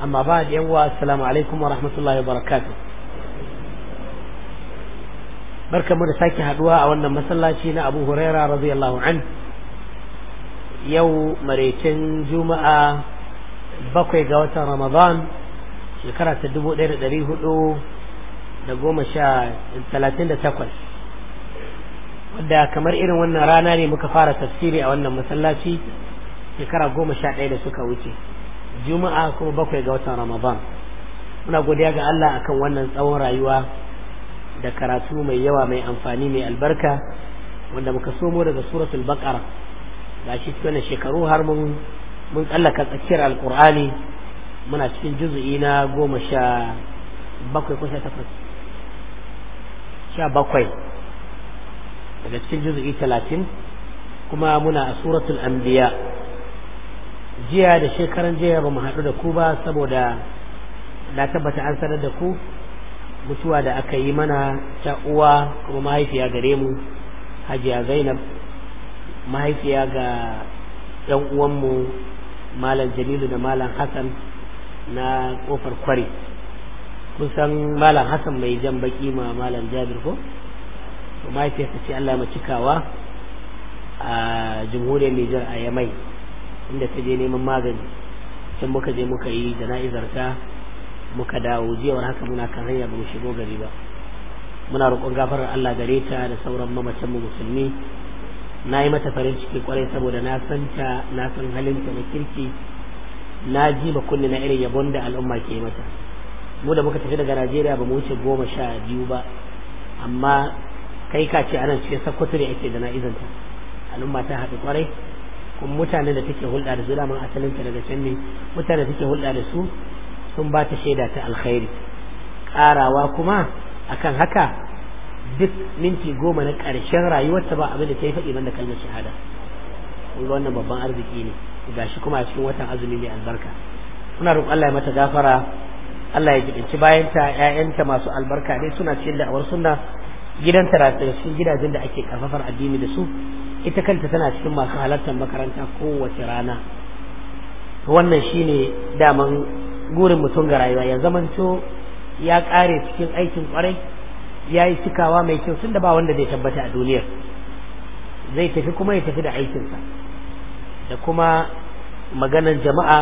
amma ba da yawa assalamu alaikum wa rahmatullahi wa barakatuh barkamu da sake haduwa a wannan masallaci na Abu Huraira radiyallahu an yau maraicin juma'a bakwai ga watan Ramadan shekara ta dubu ɗaya da ɗari hudu da goma sha talatin da takwas wadda kamar irin wannan rana ne muka fara tafsiri a wannan masallaci shekara goma sha ɗaya da suka wuce juma'a kuma bakwai ga watan ramadan muna godiya ga Allah akan wannan tsawon rayuwa da karatu mai yawa mai amfani mai albarka wanda muka somo daga suratul baqara shi cikin shekaru har mun mun tsallaka tsakiyar alqur'ani muna cikin juzu'i na goma sha bakwai ko sha sha bakwai daga cikin juzu'i talatin kuma muna a suratul anbiya jiya da shekaran jiya ba mu haɗu da ku ba saboda na tabbata an sanar da ku mutuwa da aka yi mana ta uwa kuma mahaifiya gare mu hajiya zainab mahaifiya ga yan uwanmu malam jamilu da malam hassan na ƙofar kwari kusan malam hassan mai jan baki ma malam jabir ko mahaifiyarsa ce allah cikawa a jamhuriyar nijar a yamai inda ta je neman magani can muka je muka yi jana'izar ta muka dawo jiyawar haka muna kan hanya ba mu shigo gari ba muna roƙon gafarar Allah gare ta da sauran mamacin mu musulmi na yi mata farin ciki kwarai saboda na san ta na san ta na kirki na ji ba kunne na irin yabon da al'umma ke mata mu da muka tafi daga Najeriya ba mu wuce goma sha biyu ba amma kai ka ce anan cikin Sokoto ake da izanta al'umma ta haɗu kwarai kuma mutanen da take hulɗa da su daman asalinta daga can ne mutane da take hulɗa da su sun ba ta shaida ta alkhairi ƙarawa kuma akan haka duk minti goma na ƙarshen rayuwarta ba abin da ta yi faɗi da kalmar shahada kun wannan babban arziki ne shi kuma a cikin watan azumi mai albarka muna roƙon Allah ya mata gafara Allah ya jibinci bayanta ƴaƴanta masu albarka dai suna cikin da'awar sunna gidan tara cikin gidajen da ake karfafar addini da su ita kanta tana cikin masu halartar makaranta kowace rana wannan shine daman gurin mutum ga rayuwa ya zamanto ya kare cikin aikin kwarai ya yi cikawa mai kyau tun da ba wanda zai tabbata a duniyar zai tafi kuma ya tafi da aikinsa da kuma maganar jama'a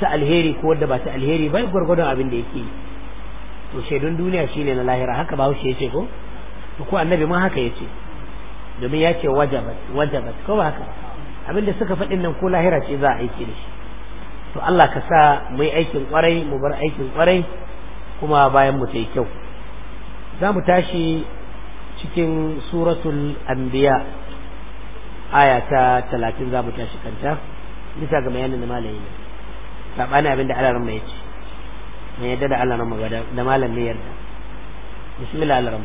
ta alheri ko wadda ba ta alheri ba gwargwadon abin da yake yi to shaidun duniya shine na lahira haka ba haushe ce ko ko annabi ma haka ya ce. domin ya ce wajabat wajabat ko ba haka abinda suka faɗin nan ko lahira ce za a aiki da shi to Allah ka sa mu yi aikin kwarai mu bar aikin kwarai kuma bayan mu tai kyau za mu tashi cikin suratul anbiya aya ta talatin za mu tashi kanta bisa ga bayanin da malami ne sabani abin da Allah ya ce mai yadda da alaran magana da malamin ne yarda bismillah alaran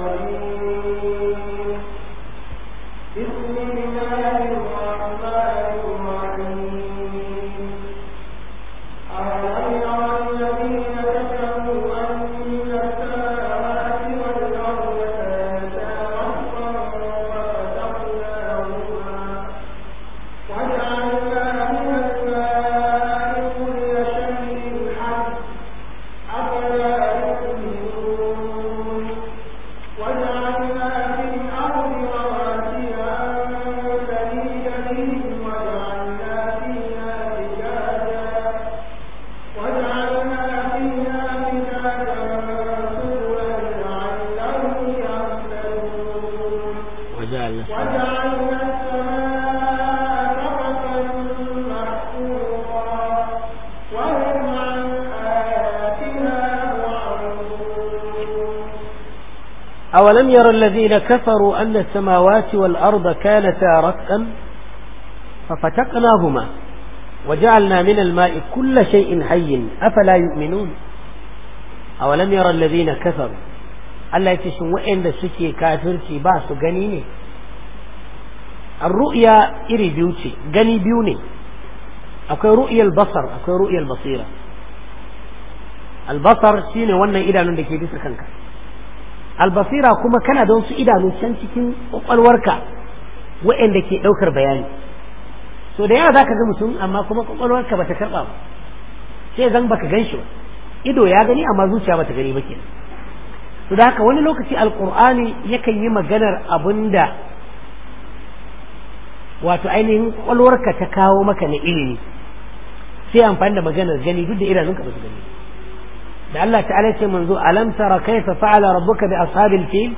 أولم ير الذين كفروا أن السماوات والأرض كانتا رتقا ففتقناهما وجعلنا من الماء كل شيء حي أفلا يؤمنون أولم ير الذين كفروا ألا يتشوئن بسكي كافر في باس غنيني الرؤيا إري بيوتي غني بيوني أكو رؤيا البصر أكو رؤيا البصيرة البصر سيني وانا إلى نندكي بسكنكا albasira kuma kana da wasu idanu can cikin kwakwalwarka waɗanda ke ɗaukar bayani so da yawa za ka ga mutum amma kuma kwakwalwarka ba ta karɓa ba sai zan baka gan shi ba ido ya gani amma zuciya ba ta gani ba kenan to da haka wani lokaci alƙur'ani yakan yi maganar abin da wato ainihin kwakwalwarka ta kawo maka na ilimi sai amfani da maganar gani duk da idanunka ba su gani ba da Allah ta'ala ce manzo alam tara kaifa fa'ala rabbuka bi ashabil fil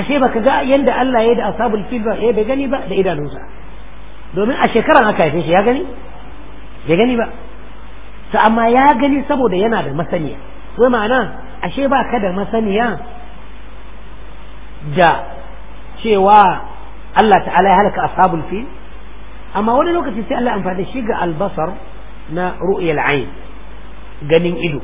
ashe baka ga yanda Allah yayi da ashabul fil ba eh bai gani ba da idanunsa domin a shekaran aka haife shi ya gani bai gani ba to amma ya gani saboda yana da masaniya wai ma'ana ashe ba ka da masaniya da cewa Allah ta'ala ya halaka ashabul fil amma wani lokaci sai Allah amfani shi ga albasar na ru'yal ayn ganin ido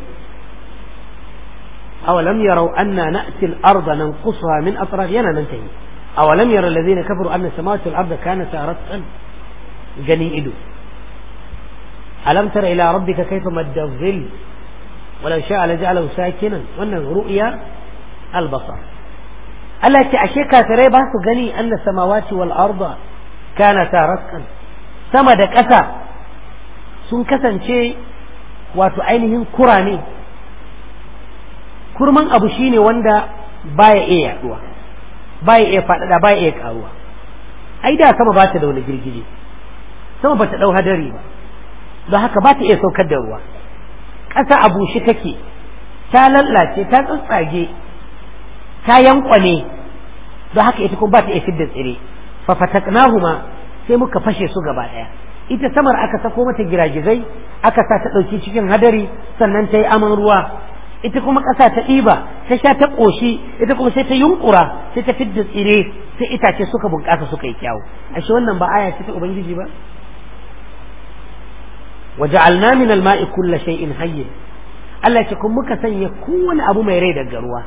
awalam yarau anna na'ti al-ardha nanqusuha min atraf yana nan tayi awalam yara allazina kafaru anna samawati al-ardha kanat aratan ganin ido alam tara ila rabbika kayfa madda dhil walau sha'a laja'alahu sakinan wannan ru'ya al-basar Allah ce ashe kafirai ba su gani anna samawati wal arda kanata raskan sama da ƙasa sun kasance wato ainihin kura ne kurman abu shine wanda baya iya yaduwa baya iya faɗaɗa baya iya karuwa ai da sama ba ta da wani girgije sama ba ta ɗau hadari ba don haka ba ta iya saukar da ruwa ƙasa a bushe take ta lallace ta tsatsage ta yankwane don haka ita kuma ba ta iya fidda tsire fa fataknahuma sai muka fashe su gaba ɗaya ita samar aka sako mata giragizai aka sa ta ɗauki cikin hadari sannan ta yi aman ruwa ita kuma ƙasa ta ɗiba ta sha ta ƙoshi ita kuma sai ta yunƙura sai ta fidda tsire sai itace suka bunƙasa suka yi kyawu ashe wannan ba aya ce ta ubangiji ba waje min al-ma'i kulla shay'in hayy Allah ce kun muka sanya kowane abu mai rai daga ruwa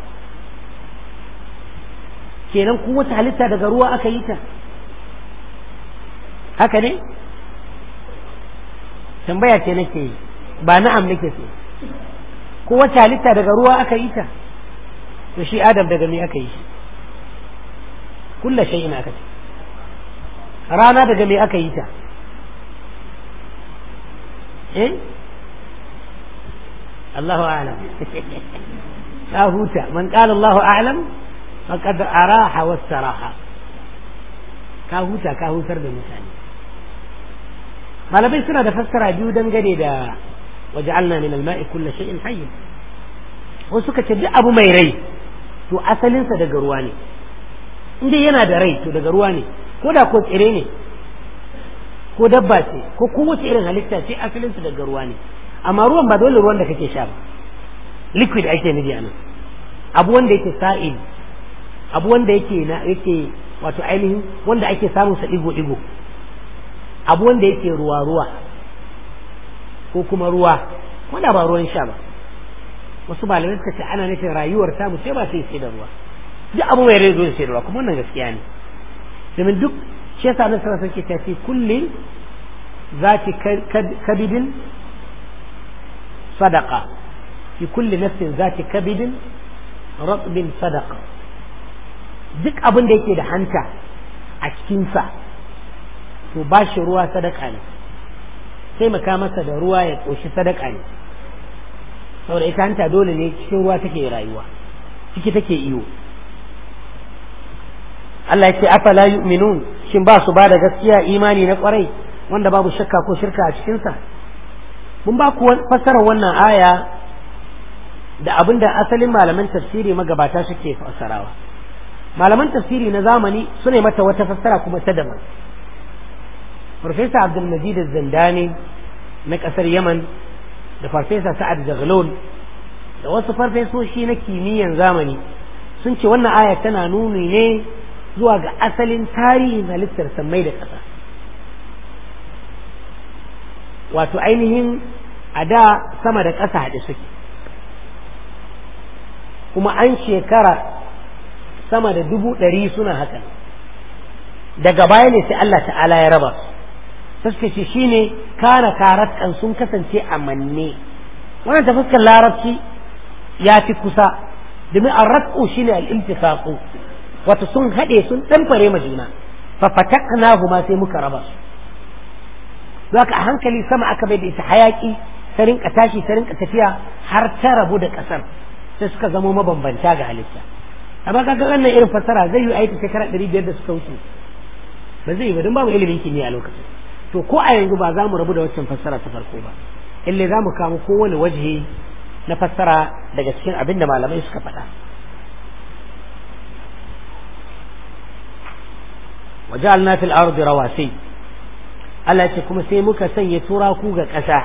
kenan kun wata halitta daga ruwa aka yi ta haka ne tambaya ce nake yi ba na'am nake so ko wata halitta daga ruwa aka yi ta to shi adam daga me aka yi shi kulla ina aka ce rana daga me aka yi ta eh Allahu a'lam ta huta man qala Allahu a'lam faqad araha was saraha ka huta ka hutar da mutane malamai suna da fassara biyu dangane da waje min al-ma'i kullu shay'in hayy wasu suka ce duk abu mai rai to asalinsa daga ruwa ne inda yana da rai to daga ruwa ne ko da ko tsire ne ko dabba ce ko kowace irin halitta ce asalinsa daga ruwa ne amma ruwan ba dole ruwan da kake sha ba liquid ake nufi anan abu wanda yake sa'il abu wanda yake na yake wato ainihin wanda ake samun sa digo digo abu wanda yake ruwa ruwa ko kuma ruwa wanda ba ruwan sha ba wasu malamai suka ce ana nufin rayuwar samu sai ba sai sai da ruwa duk abu mai rai sai da ruwa kuma wannan gaskiya ne domin duk shi yasa nan sarrafa ke tafi kullum zati kabidin sadaka fi kulli nafsin zati kabidin rabbin sadaka duk abin da yake da hanta a cikinsa to ba shi ruwa sadaka ne sai taimaka masa da ruwa ya ƙoshi sadaka ne saboda ita hanta dole ne cikin ruwa take rayuwa ciki take iyo Allah ya ce afala yu'minun shin ba su ba da gaskiya imani na kwarai wanda babu shakka ko shirka a cikinsa mun ba ku fassarar wannan aya da abinda asalin malaman tafsiri magabata suke fassarawa malaman tafsiri na zamani su mata wata fassara kuma ta daban farfesa abdulmajid zandani na ƙasar yaman da farfesa sa'ad zaglon da wasu farfesoshi na kimiyyan zamani sun ce wannan aya tana nuni ne zuwa ga asalin tarihin halittar sammai da ƙasa wato ainihin a da sama da ƙasa haɗe suke kuma an shekara sama da dubu ɗari suna haka daga baya ne sai Allah ta'ala ya raba su shi shine kana karatkan sun kasance a manne wannan tafaskar larabci ya fi kusa domin rakko shine ne imtisaqu wata sun haɗe sun ɗanfare ma juna fafata na ma sai muka raba su zaka a hankali sama aka bai da ita hayaƙi ta rinka tashi ta rinka tafiya har ta rabu da ƙasar sai suka zamo mabambanta ga halitta amma kaga wannan irin fassara zai yi aiki shekara ɗari 500 da suka wuce ba zai yi ba don babu ilimin kimiyya a lokacin to ko a yanzu ba za mu rabu da waccan fassara ta farko ba ille za mu kamo kowane waje na fassara daga cikin abin da malamai suka faɗa وجعلنا في الأرض rawasi Allah ce kuma sai muka sanya turaku ga ƙasa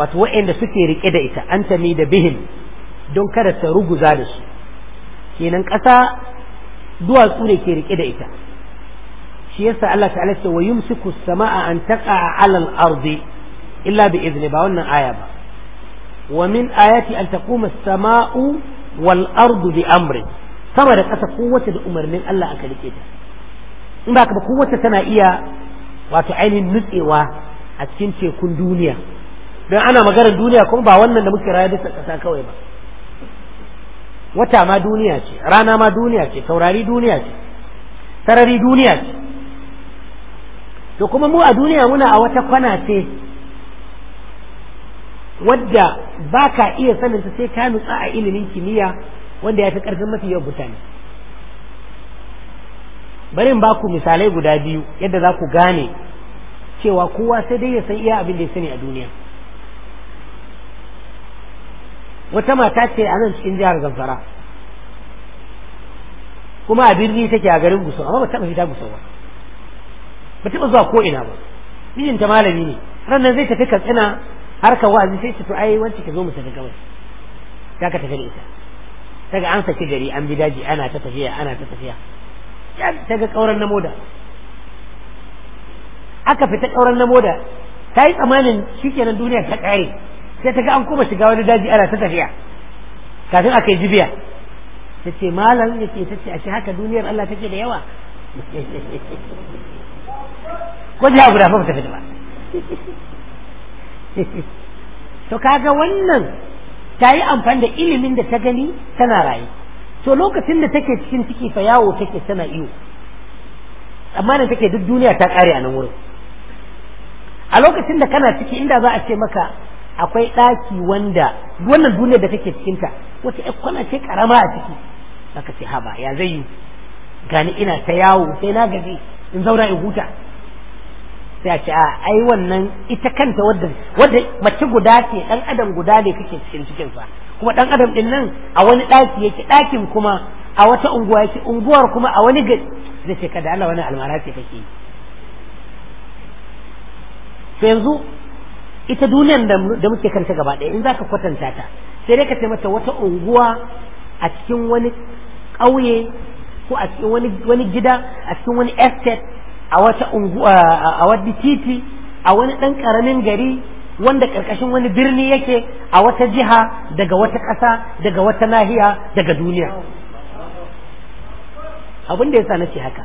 wato waɗanda suke riƙe da ita an tami da bihin don kada ta ruguza da su kenan ƙasa duwatsu ne ke rike da ita shi yasa Allah ta'ala ce wa yumsiku samaa an taqa'a 'ala al-ardi illa bi idni ba wannan aya ba wa min ayati an taquma as-samaa'u wal ardu bi amri sama da kasa kowace da umarnin Allah aka rike ta in ba ka ba kowace tana iya wato ainihin nutsewa a cikin tekun duniya don ana maganar duniya kuma ba wannan da muke raya bisa kasa kawai ba wata ma duniya ce rana ma duniya ce taurari duniya ce sarari duniya ce to kuma mu a duniya muna a wata kwana ce wadda ba ka iya sanin ta sai ka nutsa a ilimin kimiyya wanda ya fi ƙarfin mafi yawan mutane bari ba ku misalai guda biyu yadda za ku gane cewa kowa sai dai ya san iya abin da ya sani a duniya wata mata ce a nan cikin jihar zamfara kuma a birni take a garin gusau amma ba taɓa fita gusau ba ba taɓa zuwa ko ina ba mijinta malami ne ranar zai tafi katsina harkar wa'azi sai ce to ai wance ki zo mu tafi kawai za ka tafi da ita daga an saki gari an bi daji ana ta tafiya ana ta tafiya ta ga kauran na moda aka fita kauran na moda ta yi tsamanin shikenan duniya ta kare sai ta ga an koma shiga wani daji ana ta tafiya kafin aka yi jibiya ta ce malam ya ce ta ce a shi haka duniyar Allah take da yawa wajen guda fa ta fita ba to kaga wannan ta yi amfani da ilimin da ta gani tana rayu to lokacin da take cikin ciki fa yawo take tana iyo amma da take duk duniya ta kare a nan wurin a lokacin da kana ciki inda za a ce maka akwai ɗaki wanda wannan duniya da take cikin ta wata kwana ce karama a ciki zaka ce haba ya zai yi gani ina ta yawo sai na gaji in zauna in huta sai a ce a ai wannan ita kanta wadda wadda mace guda ce dan adam guda ne kake cikin cikin sa kuma dan adam din nan a wani daki yake dakin kuma a wata unguwa yake unguwar kuma a wani gari zai ce kada Allah wani almara ce kake yi yanzu ita duniyar da muke kanta gaba ɗaya in zaka kwatanta ta sai dai ka ce mata wata unguwa a cikin wani ƙauye ko a cikin wani gida a cikin wani estate a wata unguwa a wani titi a wani ɗan ƙaramin gari wanda ƙarƙashin wani birni yake a wata jiha daga wata ƙasa daga wata nahiya daga duniya abin da yasa nace haka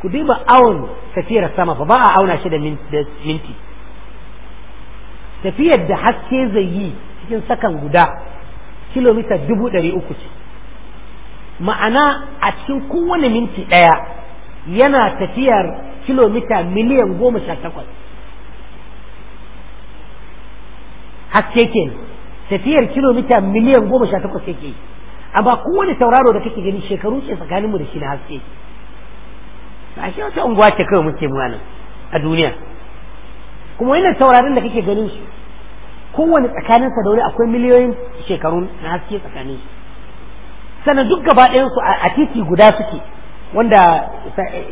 ku duba awon tafiyar sama fa ba a auna shi da minti tafiyar da haske zai yi cikin sakan guda kilomita dubu ɗari uku ce ma'ana a cikin kowane minti ɗaya yana tafiyar kilomita miliyan goma sha takwas haske ke tafiyar kilomita miliyan goma sha takwas yake yi amma kowane tauraro da kake gani shekaru ce tsakaninmu da shi na haske ba shi wata unguwa ce kawai muke mu a duniya kuma wannan taurarin da kake ganin su kowane sa da wani akwai miliyoyin shekaru na haske tsakanin su sannan duk gaba su a titi guda suke wanda eh,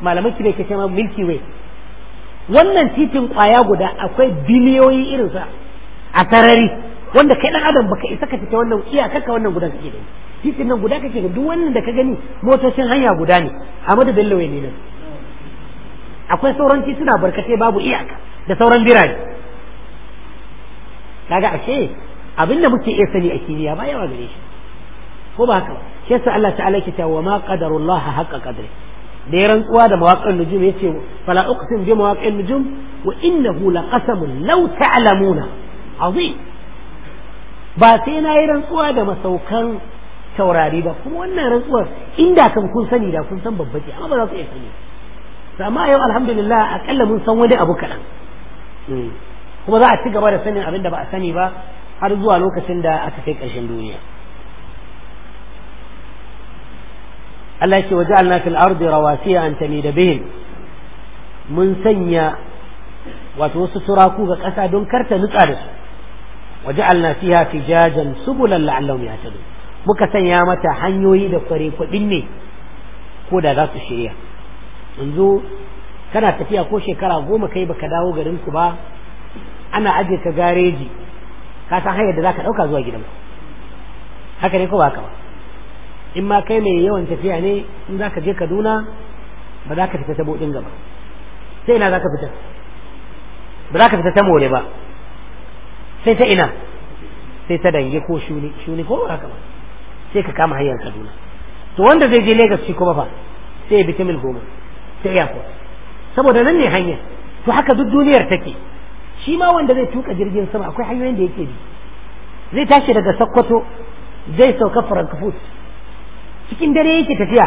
malaman kime ke cewa milky way wannan titin kwaya guda akwai biliyoyi irinsa a sarari wanda kai dan adam baka isa ka fita wannan ka wannan guda kake da titin nan guda kake duk wannan da ka gani motocin hanya guda ne a madadin lawai ne nan akwai sauran tituna barkatai babu iyaka da sauran birane kaga ashe abinda muke iya sani a kimiyya ba yawa gare shi ko ba haka ba shi yasa Allah ta'ala yake cewa ma qadarullaha haqqa qadri da ya rantsuwa da mawaƙin nujum yace fala uqsim bi mawaƙin nujum wa innahu laqasamun law ta'lamuna azim ba sai na yi rantsuwa da masaukan taurari ba kuma wannan rantsuwar inda kan kun sani da kun san babba amma ba za ku iya sani to amma yau alhamdulillah akalla mun san wani abu kaɗan hmm. kuma za a ci gaba da sanin abin da ba a sani ba har zuwa lokacin da aka kai ƙarshen duniya Allah ya ce wa ja'alna fil ardi rawasiya an tamida bihim mun sanya wato wasu turaku ga ƙasa don karta nutsa da su wa ja'alna fiha fijajan subulan la'allahum yahtadun muka sanya mata hanyoyi da kware kudin ne ko da za su shirya yanzu kana tafiya ko shekara goma kai baka dawo garin ku ba ana aje ka gareji ka san hanyar da zaka dauka zuwa gidanku haka ne ko ba haka ba in ma kai mai yawan tafiya ne in za ka je kaduna ba za ka fita ta bodin gaba sai ina za ka fita ba za ka fita ta more ba sai ta ina sai ta dange ko shuni shuni ko haka ba sai ka kama hanyar kaduna to wanda zai je lagos shi kuma fa sai ya bi ta goma ta airport saboda nan ne hanyar to haka duk duniyar take shi ma wanda zai tuka jirgin sama akwai hanyoyin da yake bi zai tashi daga sokoto zai sauka frankfurt cikin dare yake tafiya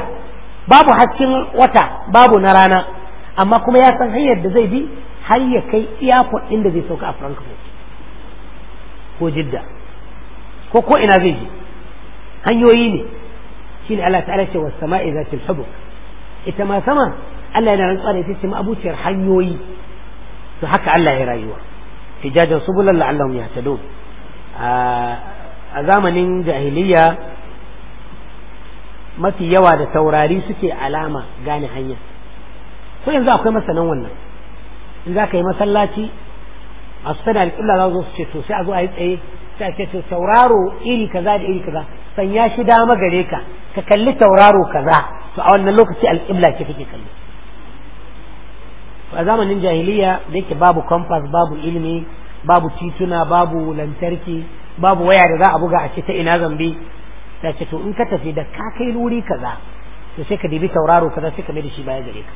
babu hasken wata babu na rana amma kuma ya san hanyar da zai bi har ya kai airport inda zai sauka a Frankfurt ko Jidda ko ko ina zai ji hanyoyi ne shine Allah ta'ala ce was sama'i zatil hubuk ita ma sama Allah yana rantsuwa da ita ce ma hanyoyi to haka Allah ya rayuwa hijajan subulan la'allahum yahtadun a zamanin jahiliya mafi yawa da taurari suke alama gane hanya ko yanzu akwai masanan wannan in za ka yi masallaci masu tana alƙilla za su ce to sai a zo a yi tsaye sai a ce to tauraro iri kaza da iri kaza sanya shi dama gare ka ka kalli tauraro kaza to a wannan lokaci alƙilla ce kake kalli a zamanin jahiliya da yake babu compass babu ilimi babu tituna babu lantarki babu waya da za a buga a ce ta ina zambi sai ce to in ka tafi da ka kai wuri kaza to sai ka dibi tauraro kaza sai ka mai da shi baya gare ka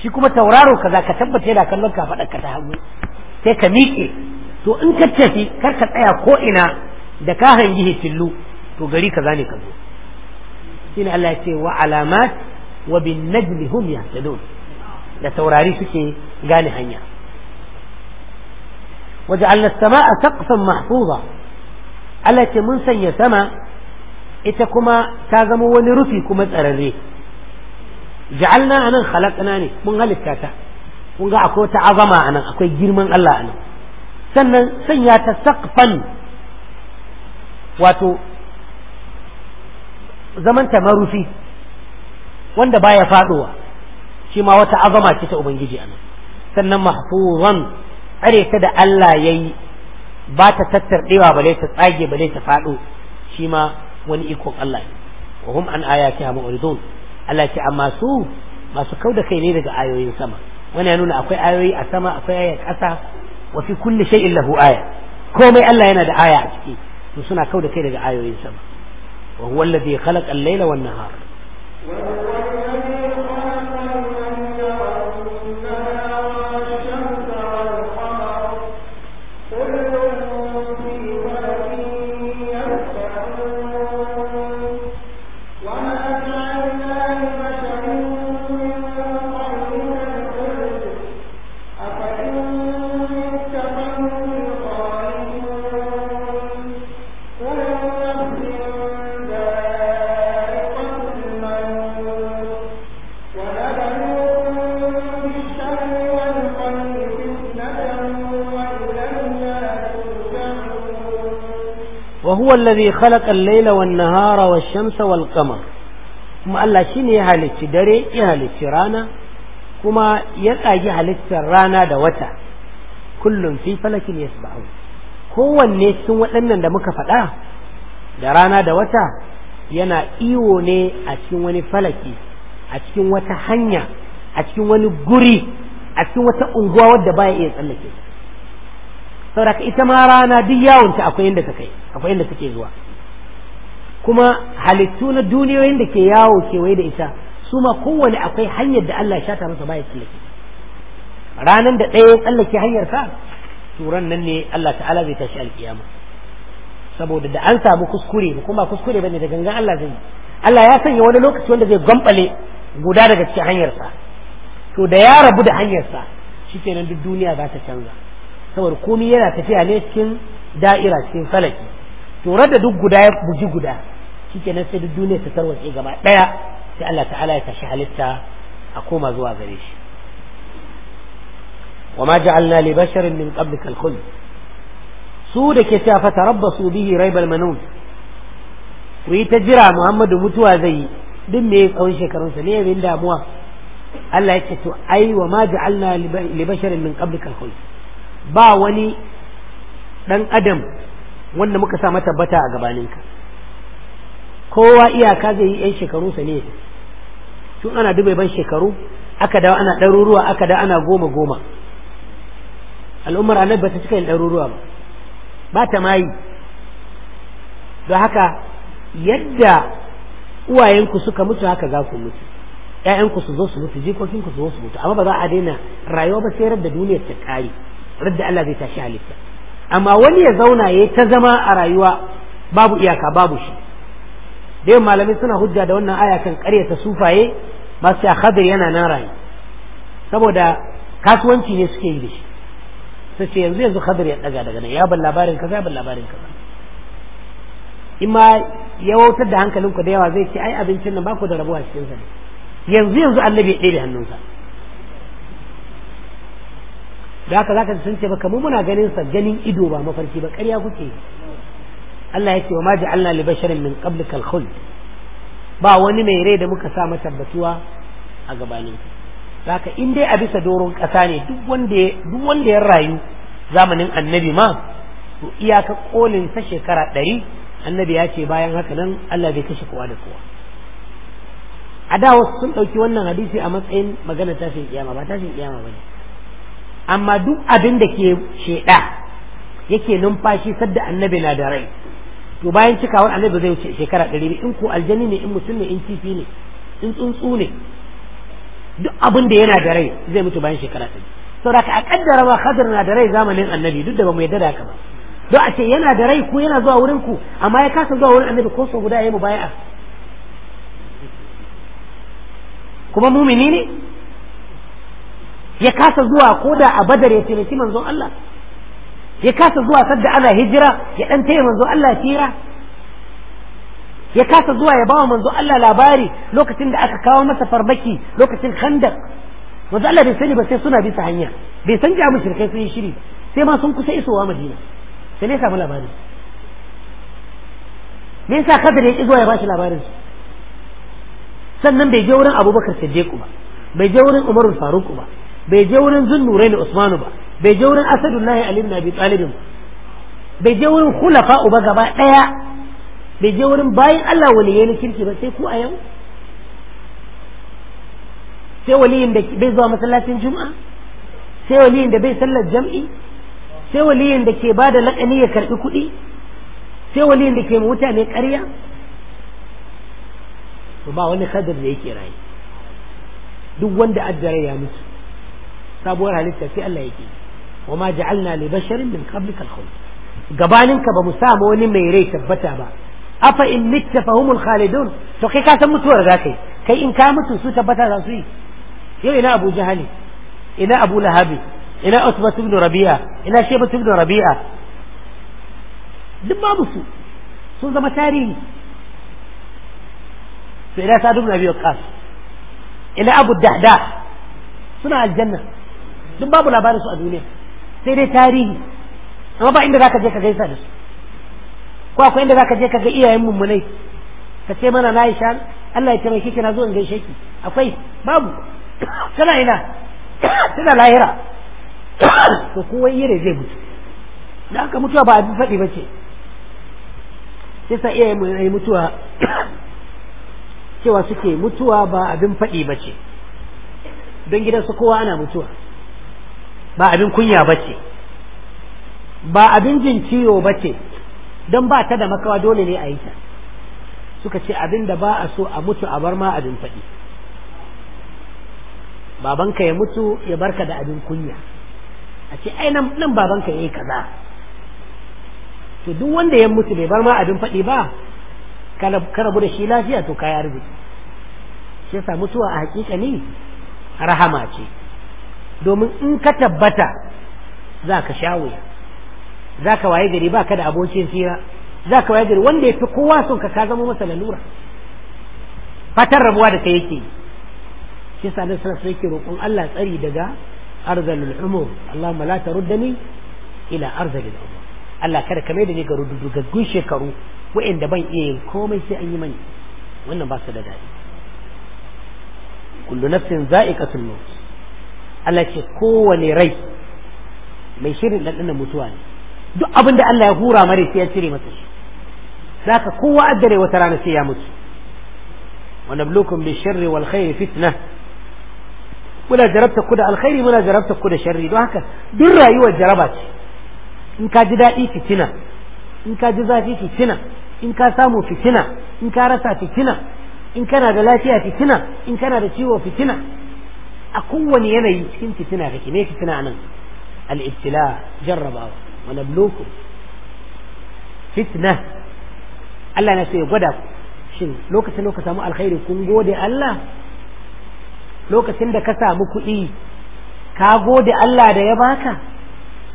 shi kuma tauraro kaza ka tabbata da kallon ka faɗa ka ta hagu sai ka miƙe to in ka tafi kar ka tsaya ko ina da ka hangi hitillu to gari kaza ne ka zo shine Allah ya ce wa alamat wa bin najmi hum yahtadun da taurari suke gane hanya وجعلنا السماء سقفا محفوظا Allah ce mun sanya sama ita kuma ta zama wani rufi kuma tsararre ja'alna anan khalaqna ne mun halitta ta kun ga akwai ta azama anan akwai girman Allah anan sannan sanya ta saqfan wato zaman ta marufi wanda baya faduwa shi ma wata azama ce ta ubangiji anan sannan mahfuzan are ta da Allah yayi ba ta tattarɗewa bale ta tsage ba bale ta faɗo shi ma wani ikon Allah wa hum an ha mu'ridun Allah ce amma su masu kau da kai ne daga ayoyin sama wani ya nuna akwai ayoyi a sama akwai ayoyi ƙasa wa fi kulli shay'in lahu aya komai Allah yana da aya a ciki su suna kau da kai daga ayoyin sama wa huwa alladhi khalaqa al-layla wan-nahara وهو الذي خلق الليل والنهار والشمس والقمر kuma Allah shi ne ya halicci dare ya halicci rana kuma ya tsagi halittar rana da wata kullum fi falakin ya kowanne cikin waɗannan da muka faɗa da rana da wata yana iwo ne a cikin wani falaki a cikin wata hanya a cikin wani guri a cikin wata unguwa wadda baya iya tsallake saboda ita ma rana duk yawonta akwai inda ta kai akwai inda take zuwa kuma halittu na duniyoyin da ke yawo kewaye da ita su ma kowane akwai hanyar da Allah ya shata masa baya tsallake ranan da ɗaya tsallake hanyar ka turan nan ne Allah ta'ala zai tashi alkiyama saboda da an samu kuskure kuma kuskure bane da gangan Allah zai Allah ya sanya wani lokaci wanda zai gambale guda daga cikin hanyarsa to da ya rabu da hanyarsa kenan duk duniya za ta canza saboda komi yana tafiya ne cikin da'ira cikin falaki to da duk guda ya buji guda shikenan sai duk duniya ta tarwatse gaba daya sai Allah ta'ala ya tashi halitta a koma zuwa gare shi wa ma ja'alna li basharin min qablika al-khuld su da ke cewa fatarabbasu bihi raibal manun ku yi ta jira Muhammadu mutuwa zai yi duk me tsawon shekarunsa ne yayin damuwa Allah ya ce to ai wa ma ja'alna li basharin min qablika al-khuld ba wani ɗan adam wanda muka sa bata a gabaninka kowa iyaka zai yi 'yan shekarunsa ne tun ana dubai ban shekaru aka dawo ana ɗaruruwa aka dawo ana goma goma al'ummar anan ba ta cika yin ɗaruruwa ba ba ta mayi don haka yadda uwayenku suka mutu haka za ku mutu ‘ya'yanku su zo su mutu jikokinku su zo su mutu amma ba za a daina rayuwa ba sai da duniyar ta kare radda Allah zai tashi halitta amma wani ya zauna yayi ta zama a rayuwa babu iyaka babu shi dai malamai suna hujja da wannan aya kan ta sufaye masu a khadir yana nan rayu saboda kasuwanci ne suke yi da shi sai ce yanzu yanzu khadir ya daga daga nan ya ban labarin kaza ya ban labarin kaza in ma ya wautar da hankalinku da yawa zai ce ai abincin nan ba ku da rabuwa cikin sa ne yanzu yanzu annabi ya ɗebe hannunsa da haka zaka san ce baka mu muna ganin sa ganin ido ba mafarki ba ƙarya kuke Allah ya ce wa ma Allah li basharin min qablika al ba wani mai rai da muka sa mata batuwa a gabanin ka. zaka in dai a bisa doron kasa ne duk wanda duk wanda ya rayu zamanin annabi ma to iyaka kolin sa shekara ɗari annabi ya ce bayan haka nan Allah bai kashe kowa da kowa a da wasu sun ɗauki wannan hadisi a matsayin magana tashin kiyama ba tashin kiyama ba ne amma duk abin da ke sheda yake numfashi sadda annabi na da rai to bayan cikawar annabi zai wuce shekara ɗari ne in ko aljani ne in mutum ne in kifi ne in tsuntsu ne duk abin da yana da rai zai mutu bayan shekara ɗari saboda a kaddara ma khadar na da rai zamanin annabi duk da ba mu yadda da ba don a ce yana da rai ko yana zuwa wurin ku amma ya kasa zuwa wurin annabi ko sau guda ya yi mu baya kuma mumini ne ya kasa zuwa ko da a badar ya taimaki manzon Allah ya kasa zuwa sadda ana hijira ya dan taya manzon Allah tira ya kasa zuwa ya bawa manzon Allah labari lokacin da aka kawo masa farmaki lokacin khandak manzon Allah bai sani ba sai suna bisa hanya bai san ja mushrikai sun yi shiri sai ma sun kusa isowa Madina sai ne samu labari me yasa kadar ya ki zuwa ya bashi labarin sannan bai je wurin Abubakar Siddiq ba bai je wurin Umar Faruk ba bai je wurin nurai ne usmanu ba bai je wurin asadullahi ali na abi talibin ba bai je wurin hulafa uba gaba daya bai je wurin bayan Allah wani na kirki ba sai ku a yau sai waliyin da bai zuwa masallacin juma'a sai waliyin da bai sallar jam'i sai waliyin da ke ba da laƙani ya karɓi kuɗi sai waliyin da ke mutane ƙarya ba wani kadar da yake rayu duk wanda addare ya mutu sabuwar halitta sai Allah yake wa ma ja'alna li basharin min qablikal khuld gabaninka ba mu sa wani mai rai tabbata ba afa in mitta fahumul khalidun to kai ka san mutuwar za kai kai in ka mutu su tabbata za su yi yau ina abu jahali ina abu lahabi ina usbat ibn rabi'a ina shaybat ibn rabi'a duk babu su sun zama tarihi to ina sa'd ibn abi waqqas ina abu dahda suna aljanna duk babu labarin su a duniya sai dai tarihi amma ba inda zaka je ka gaisa da su ko akwai inda zaka je ka ga iyayen mummunai ka ce mana na isha Allah ya taimake ki na zo in gaishe ki akwai babu kana ina tana lahira to kowa yire zai mutu da aka mutuwa ba abin faɗi ba ce sai iyayen mu yi mutuwa cewa suke mutuwa ba abin faɗi ba ce don gidansu kowa ana mutuwa ba abin kunya ba ce ba abin jin ciwo ba ce don ba ta da makawa dole ne a yi ta suka ce abin da ba a so a mutu a bar ma abin faɗi babanka ya mutu ya barka da abin kunya a ce ai nan babanka ya yi kaza to duk wanda ya mutu bai bar ma abin faɗi ba ka rabu da shi lafiya to ka yi arziki shi yasa mutuwa a hakika ne rahama ce domin in ka tabbata za ka sha za ka waye gari ba ka da abokin fira za ka waye gari wanda ya fi kowa son ka ka zama masa lalura fatan rabuwa da kai yake shi sa da sarrafa yake roƙon Allah tsari daga arzalul umur Allahumma la ni ila arzalin umur Allah kada ka mai da ni ga rududugaggun shekaru wa'anda ban iya yin komai sai an yi mani wannan ba su da daɗi kullu nafsin za'iqatul maut Allah ce kowane rai mai shirin ɗanɗanon mutuwa ne duk abin da Allah ya hura mare sai ya cire masa shi zaka kowa addare wata rana sai ya mutu wa nablukum bi sharri wal khairi fitna muna jarabta ku da alkhairi muna jarabta ku da sharri don haka duk rayuwar jaraba ce in ka ji daɗi fitina in ka ji zafi fitina in ka samu fitina in ka rasa fitina in kana da lafiya fitina in kana da ciwo fitina a kowane yanayi cikin fitina kake me fitina nan al-ibtila jarrabawa wa nablukum fitna Allah na sai gwada ku shin lokacin da samu alkhairi kun gode Allah lokacin da ka samu kuɗi ka gode Allah da ya baka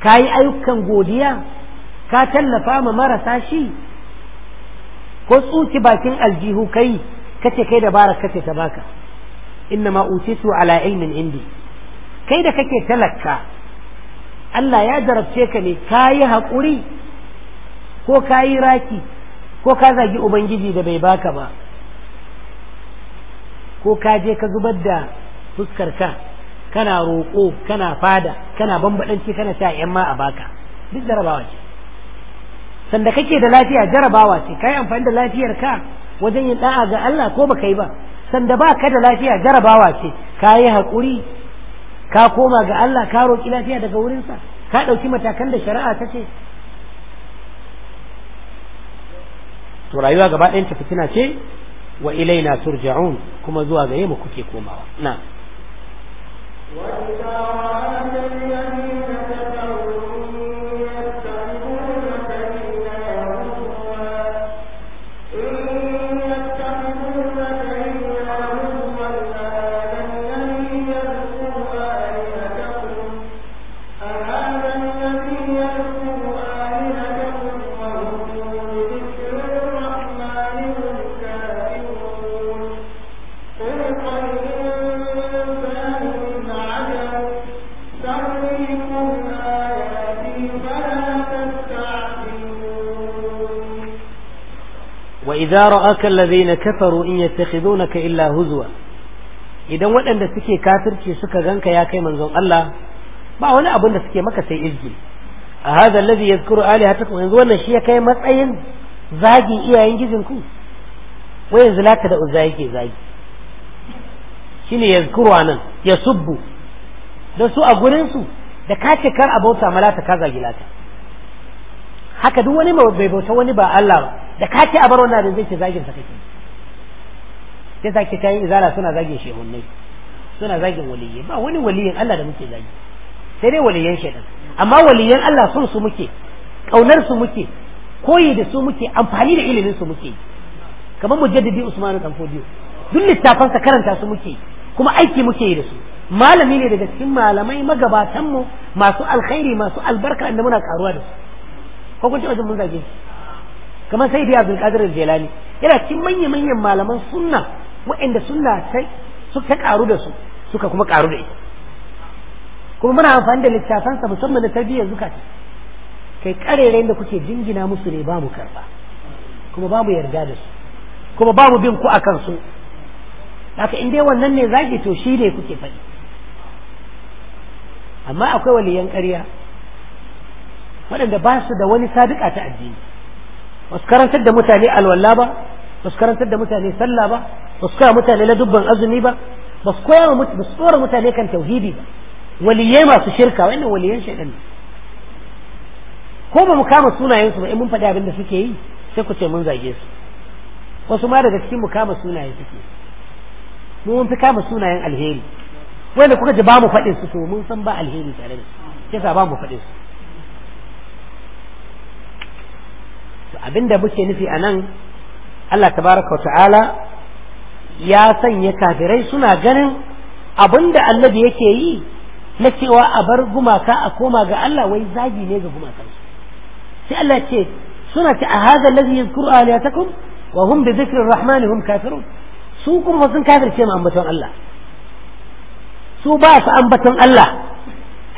ka yi ayyukan godiya ka tallafa ma marasa shi ko tsuki bakin aljihu kai kace kai dabara kace ta baka inna ma utitu ala ilmin indi kai da kake talaka Allah ya jarabce ka ne ka yi haƙuri ko ka yi raki ko ka zagi ubangiji da bai baka ba ko ka je ka zubar da fuskarka kana roƙo kana fada kana bambaɗanci kana sha ‘yan ma a baka duk jarabawa ce sanda kake da lafiya jarabawa ce ka amfani da lafiyar ka wajen yin ɗa'a ga Allah ko baka yi ba sanda ba ka da lafiya jarabawa ce ka yi haƙuri ka koma ga Allah ka roƙi lafiya daga wurinsa ka ɗauki matakan da shari'a ta ce to rayuwa gaba ɗayan ta fitina ce wa ilaina turja'un kuma zuwa ga mu kuke komawa na idan ra'aka alladhina kafaru in yattakhidunaka illa huzwa idan waɗanda suke kafirci suka ganka ya kai manzon Allah ba wani abin da suke maka sai izgi a hadha alladhi yadhkuru alihatakum yanzu wannan shi ya kai matsayin zagi iyayen gijin ku wai yanzu laka da uzai yake zagi shine yadhkuru anan yasubbu da su a gurin su da kace kar a bauta malata ka zagi laka haka duk wani bai bauta wani ba Allah da ka ce a bar wannan abin zai ce zagin sa kake sai za ki kai izala suna zagin shehunnai suna zagin waliyyi ba wani waliyin Allah da muke zagi sai dai waliyan shedan amma waliyan Allah sun su muke kaunar su muke koyi da su muke amfani da ilimin su muke kamar mujaddidi Usman dan Fodiyo duk littafan sa karanta su muke kuma aiki muke yi da su malami ne daga cikin malamai magabatanmu masu alkhairi masu albarka inda muna karuwa da su ko kun taɓa jin mun zage shi kamar sai da abdul qadir al-jilani yana cikin manyan manyan malaman sunna waɗanda sunna ta suka karu da su suka kuma karu da ita kuma muna amfani da littafansa musamman na tarbiyyar ce kai karerai da kuke jingina musu ne ba mu karba kuma ba mu yarda da su kuma ba mu bin ku a su haka in dai wannan ne zaki to shi ne kuke faɗi amma akwai waliyan ƙarya waɗanda ba su da wani saduka ta addini ba su karantar da mutane alwala ba ba su karantar da mutane sallah ba ba su koya mutane na dubban azumi ba ba su tsora mutane kan tauhidi ba waliyai masu shirka wannan waliyan shaidan ko ba mu kama su ba in mun faɗi abin da suke yi sai ku ce mun zage su wasu ma daga cikin mu kama sunayen suke mu mun fi kama sunayen alheri wanda kuka ji ba mu faɗin su to mun san ba alheri tare da shi sai ba mu faɗin su abinda muke nufi anan nan Allah tabaraka wa ta'ala ya sanya kafirai suna ganin abinda annabi yake yi na cewa a bar gumaka a koma ga Allah wai zagi ne ga gumakansu sai Allah ce suna ce a hadha allazi yadhkuru aliyatakum wa hum bi dhikri arrahman hum kafirun su kuma sun kafirce mu ambaton Allah su ba su ambaton Allah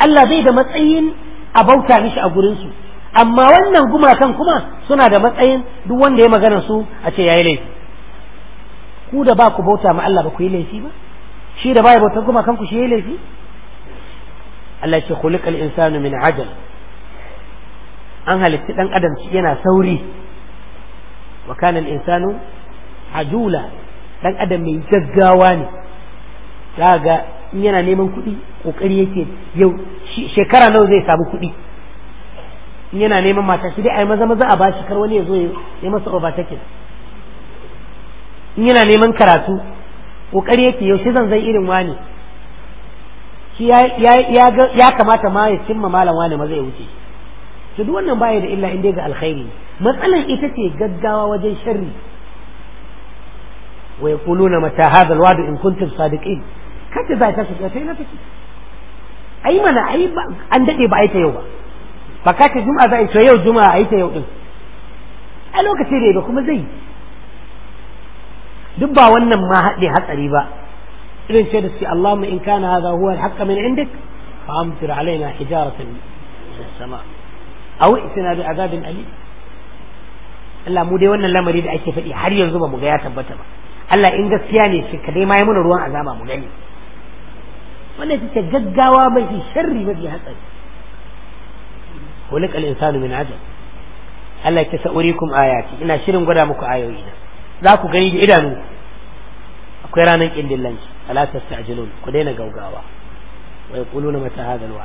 Allah bai da matsayin a bauta mishi a gurin su amma wannan gumakan kuma suna da matsayin duk wanda ya magana su a ce yayi laifi ku da ba ku bauta ma Allah ba ku yi laifi ba shi da baya bauta gumakan ku shi yayi laifi Allah ce khuliqal insanu min ajal an halitti dan adam yana sauri wa kana al insanu ajula dan adam mai gaggawa ne ga in yana neman kuɗi kokari yake yau shekara nawa zai samu kuɗi in yana neman mata shi dai a yi maza maza a bashi kar wani ya zo ya masa overtaking in yana neman karatu kokari yake yaushe zan zai irin wani shi ya kamata ma ya cimma malam wani maza ya wuce shi duk wannan baya da illa in dai ga alkhairi matsalar ita ce gaggawa wajen sharri wa yaquluna mata hadha alwa'd in kuntum sadiqin kace za ta shiga sai na a ai mana ai an dade ba yi ta yau ba ba ka ce juma'a za a yi to yau juma'a a yi ta yau din a lokaci ne ba kuma zai duk ba wannan ma haɗe hatsari ba irin ce da suke Allahumma in kana hadha huwa al-haqqa min indik fa amtir alaina hijaratan min as-sama' aw isna bi adabin ali Allah mu dai wannan lamari da ake faɗi har yanzu ba mu ga ya tabbata ba Allah in gaskiya ne shi ka dai ma yi mana ruwan azaba mu gani wannan ita ce gaggawa mafi sharri mafi hatsari khuliqa al-insanu min ajal Allah ya sa'urikum ayati ina shirin gwada muku ayoyi na za ku gani da idanu akwai ranar kindillanci ala tasta'jilun ku daina gaugawa wa na mata hadha al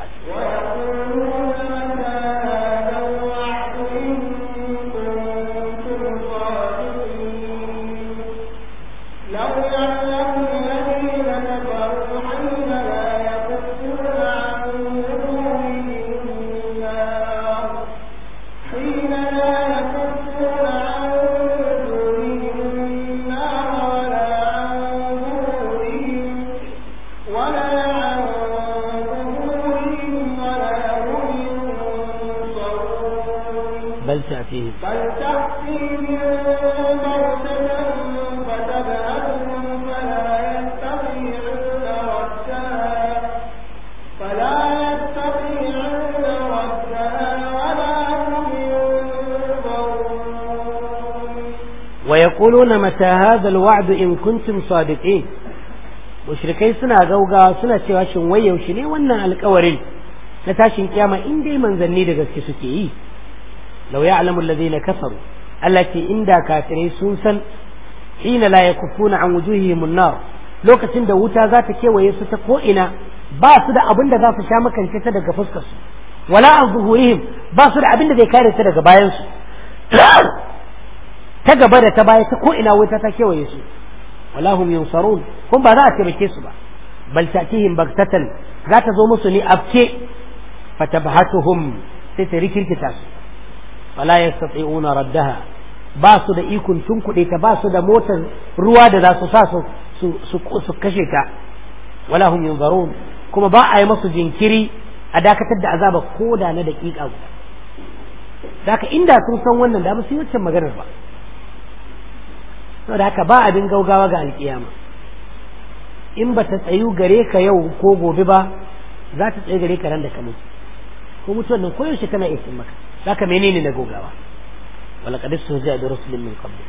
na mata hadha alwa'd in kuntum sadiqin mushrikai suna gaugawa suna cewa shin wai yaushe ne wannan alƙawarin na tashin kiyama in dai manzanni da gaske suke yi law ya'lamu alladhina kafaru allati inda kafirai sun san hina la yakufuna an wujuhihim an lokacin da wuta za ta kewaye su ta ko'ina ina ba su da abin da za su sha makance ta daga fuskar su wala an zuhurihim ba su da abin da zai kare ta daga bayansu. ta gaba da ta baya ta ko ina wuta ta kewaye su walahum yunsarun kun ba za a taimake su ba bal ta'tihim baghtatan za ta zo musu ne afke fatabhatuhum sai ta rikirkita su wala yastati'una raddaha ba su da ikon tun kude ta ba su da motar ruwa da za su sa su su kashe ta wala hum yunzarun kuma ba a yi musu jinkiri a dakatar da azaba da na daƙiƙa guda daka inda sun san wannan da ba su yi wancan maganar ba saboda haka ba abin gaugawa ga alkiyama in ba ta tsayu gare ka yau ko gobe ba za ta tsayu gare ka ran da ka mutu ko mutuwan nan koyaushe kana iya cin maka za ka menene na gaugawa wala kadis sun ji a da rasulun min kablik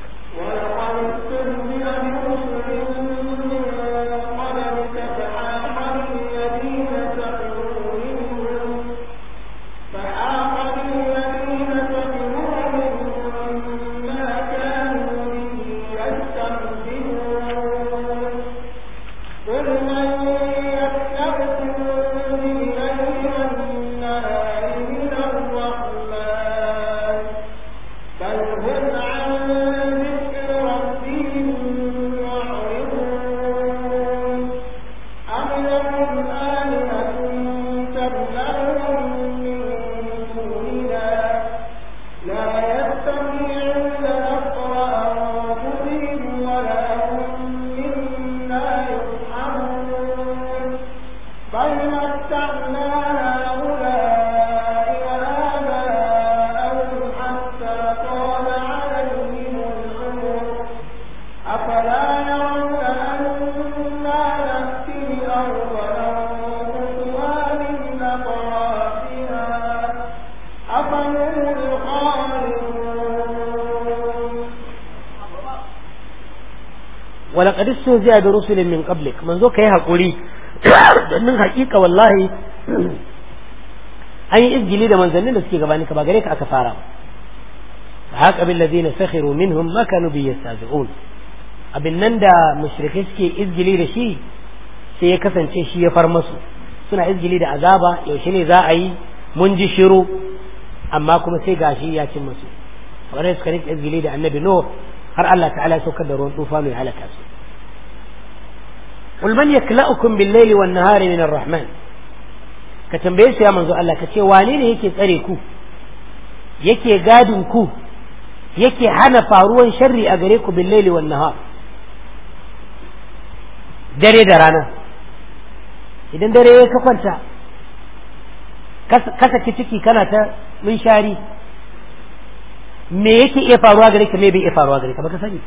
laqad istuzi'a bi rusulin min qablik manzo kai hakuri domin hakika wallahi an yi izgili da manzannin da suke gabani ka ba gare ka aka fara ba haka bil ladina sakhiru minhum ma kanu bi yastazi'un abin nan da mushrikai suke izgili da shi sai ya kasance shi ya far masu suna izgili da azaba yaushe ne za a yi mun ji shiru amma kuma sai gashi ya cin masu wannan suka rike izgili da annabi no har Allah ta'ala ya saukar da ruwan tufa mai halaka su qul man yakla'ukum bil-layli wan-nahari min ar-rahman ka tambaye shi ya manzo Allah ka ce wane ne yake tsare ku yake gadin ku yake hana faruwan sharri a gare ku bil-layli wan-nahar dare da rana idan dare ya ka kasa ka ciki kana ta munshari me yake iya faruwa gare ka me bai iya faruwa gare ka baka sani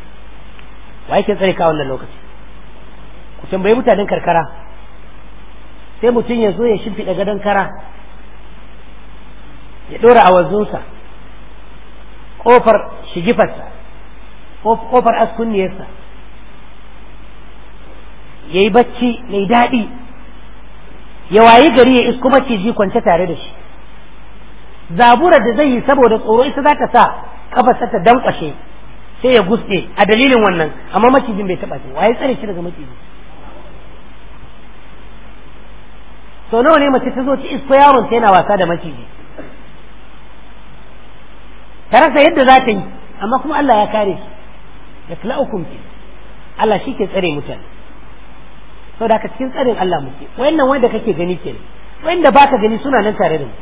wa yake tsare ka wannan lokaci ku tambayi mutanen karkara sai mutum ya zo ya shimfiɗa gadon kara ya ɗora a wanzunsa ƙofar shigifarsa ƙofar askunniyarsa ya yi bacci mai daɗi ya wayi gari ya isko maciji kwance tare da shi zaburar da zai yi saboda tsoro ita za ta sa ƙafa ta damƙashe sai ya guske a dalilin wannan amma macijin bai taɓa shi waye tsare shi daga maciji sau nawa ne mace ta zo ci isko yaron ta yana wasa da maciji ta rasa yadda za ta yi amma kuma Allah ya kare shi ya kula hukunci Allah shi ke tsare mutane sau da ka cikin tsarin Allah muke wayannan wanda kake gani ke ne wayanda baka gani suna nan tare da mu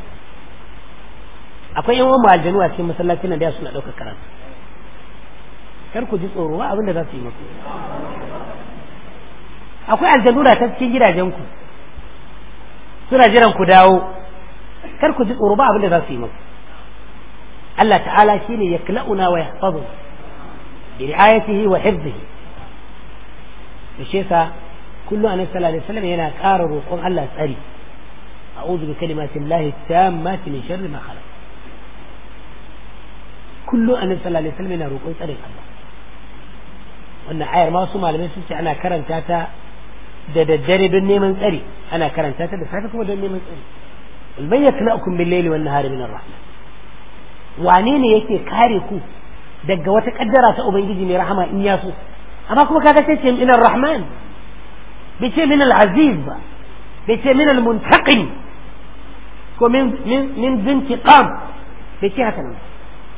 akwai yan uwan aljanu a cikin masallacin nan da suna ɗaukar karatu kar ku ji tsoro abin da za su yi muku akwai aljanu da ta cikin gidajen ku suna jiran ku dawo kar ku ji tsoro ba abin da za su yi muku Allah ta'ala shine yakla'una wa yahfazu bi ri'ayatihi wa hifzihi shi yasa kullum annabi sallallahu alaihi wasallam yana ƙara roƙon Allah tsari a'udhu bi kalimati llahi tammati min sharri ma khalaq Kullum annabi sallallahu alaihi wasallam yana roƙon tsarin Allah wannan ayar ma su malamai sun ce ana karanta ta da daddare don neman tsari ana karanta ta da safe kuma don neman tsari ulman yakna'ukum bil laili wa nahari min ar-rahma wane ne yake kare ku daga wata kaddara ta ubangiji mai rahama in ya so amma kuma kaga sai ce min ar-rahman bai ce min al-aziz ba bai ce min al-muntaqim ko min min min zintiqam bai ce haka nan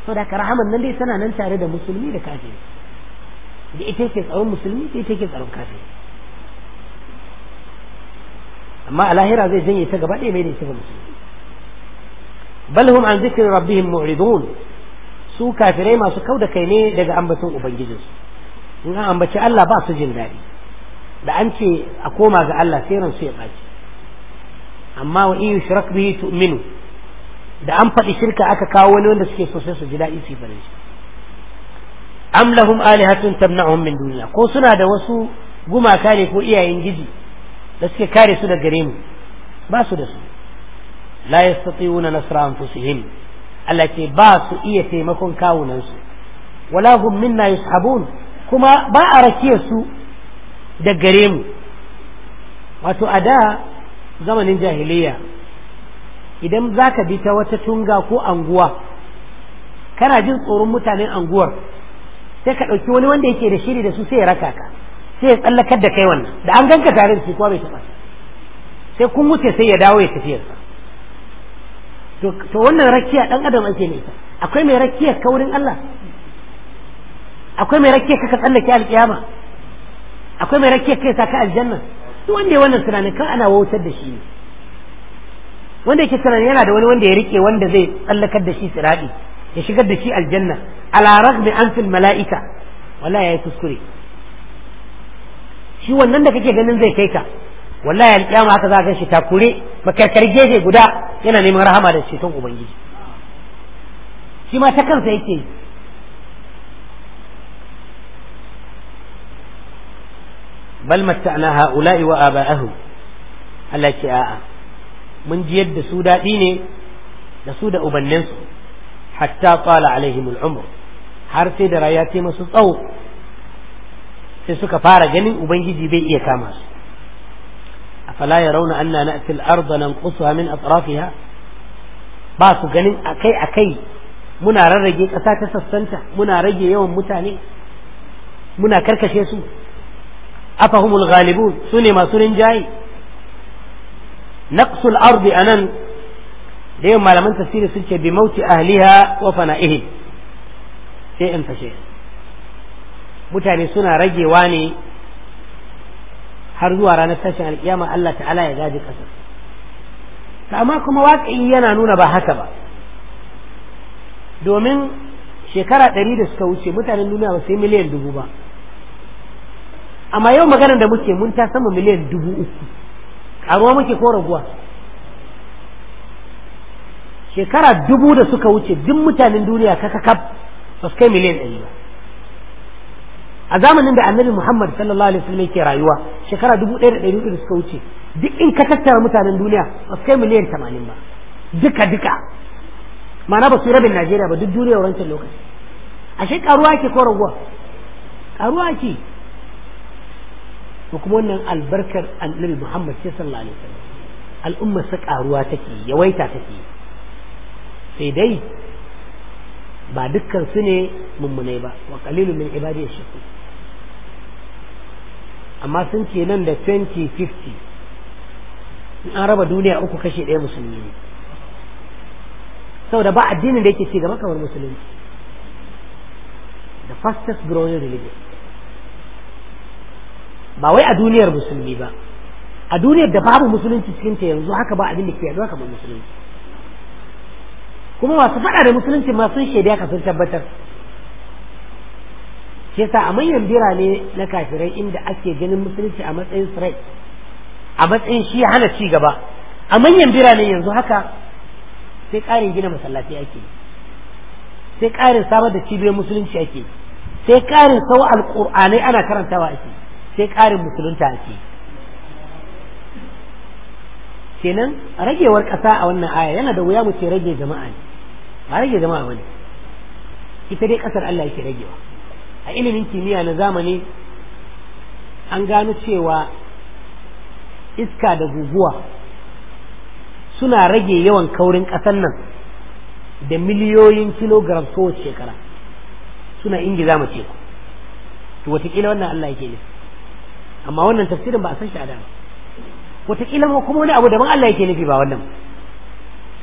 so da rahaman nan dai tana nan tare da musulmi da kafiri da ita ke tsaron musulmi da ita ke tsaron kafiri amma a lahira zai janye ta gaba ɗaya mai da ita ga bal hum an zikri rabbihim mu'ridun su kafirai masu da kai ne daga ambaton ubangijinsu in an ambaci Allah ba su jin daɗi da an ce a koma ga Allah sai ran su ya ɓaci amma wa in yushrak bihi tu'minu da an faɗi shirka aka kawo wani wanda suke so sai su ji daɗi su yi am lahum alihatun tamna'uhum min duniya ko suna da wasu gumaka ne ko iyayen giji da suke kare su da gare mu ba su da su la yastati'una nasra anfusihim Allah ba su iya taimakon kawunan su wala hum minna yushabun kuma ba a rake su da gare mu wato a da zamanin jahiliya idan zaka bi ta wata tunga ko anguwa kana jin tsoron mutanen anguwar sai ka ɗauki wani wanda yake da shiri da su sai ya raka ka sai ya tsallakar da kai wannan da an ganka tare da kuwa bai taɓa sai kun wuce sai ya dawo ya tafiyarsa to wannan rakiya dan adam ake ne akwai mai rakiya ka wurin Allah akwai mai rakiya ka tsallake alkiyama akwai mai rakiya kai saka aljanna duk wanda ya wannan tunanin kan ana wautar da shi ne wanda yake tunanin yana da wani wanda ya rike wanda zai tsallakar da shi siradi ya shigar da shi aljanna ala raghbi an fil malaika wala yayi kuskure shi wannan da kake ganin zai kai ka wallahi alƙiyama haka za ka shi takure makarkar gefe guda yana neman rahama da ceton ubangiji shi ma ta kansa yake yi bal matta'na ha'ula'i wa aba'ahum Allah ce a'a mun ji yadda su daɗi ne da su da ubanninsu hatta tsala alaihim al'umr har sai da rayuwa ta masu tsawo sai suka fara ganin ubangiji bai iya kama su afala yarawna anna na'ti al nan nanqusuha min atrafiha ba su ganin akai akai muna rarrage ƙasa ta sassanta muna rage yawan mutane muna karkashe su afahumul su sune masu rinjaye naqsul ardi anan da yawan malaman tafsiri sun ce bi mauti ahliha wa fana'ihi sai in fashe mutane suna ragewa ne har zuwa ranar tashin alkiyama Allah ta'ala ya gaji kasar amma kuma waƙi yana nuna ba haka ba domin shekara ɗari da suka wuce mutanen duniya ba sai miliyan dubu ba amma yau maganar da muke mun ta sama miliyan dubu uku ƙaruwa muke ko raguwa shekara dubu da suka wuce duk mutanen duniya kaka kaf ba su kai miliyan ɗari ba a zamanin da annabi Muhammad sallallahu alaihi wasallam yake rayuwa shekara 1400 da suka wuce duk in ka tattara mutanen duniya ba su kai miliyan 80 ba duka duka ma'ana ba su rabin Najeriya ba duk duniya wancan lokaci ashe karuwa ke ko raguwa karuwa ke ko kuma wannan albarkar annabi Muhammad sallallahu alaihi wasallam al'umma sa karuwa take yawaita take sai dai ba dukkan su ne mummunai ba wa qalilu min ibadiy shukuri amma sun ce nan da 2050 in an raba duniya uku kashe ɗaya musulmi ne saboda ba addinin da yake ci gaba kamar musulunci the fastest growing religion ba wai a duniyar musulmi ba a duniyar da babu musulunci cikin ta yanzu haka ba abin da ke yaduwa kamar musulunci kuma masu faɗa da musulunci masu sun shaida ka sun tabbatar shi yasa a manyan birane na kafirai inda ake ganin musulunci a matsayin sirai a matsayin shi hana ci gaba a manyan birane yanzu haka sai ƙarin gina masallaci ake sai ƙarin samar da cibiyar musulunci ake sai ƙarin sau alƙur'anai ana karantawa ake sai ƙarin musulunta ake kenan ragewar ƙasa a wannan aya yana da wuya mu ce rage jama'a ne ba rage jama'a bane ita dai ƙasar Allah yake ragewa a ilimin kimiyya na zamani an gano cewa iska da guguwa suna rage yawan kaurin ƙasar nan da miliyoyin kilogram kowace shekara suna mu mace ku to wataƙila wannan Allah yake nufi amma wannan tafsirin ba a san shi a dama ko kuma wani abu daban Allah yake nufi ba wannan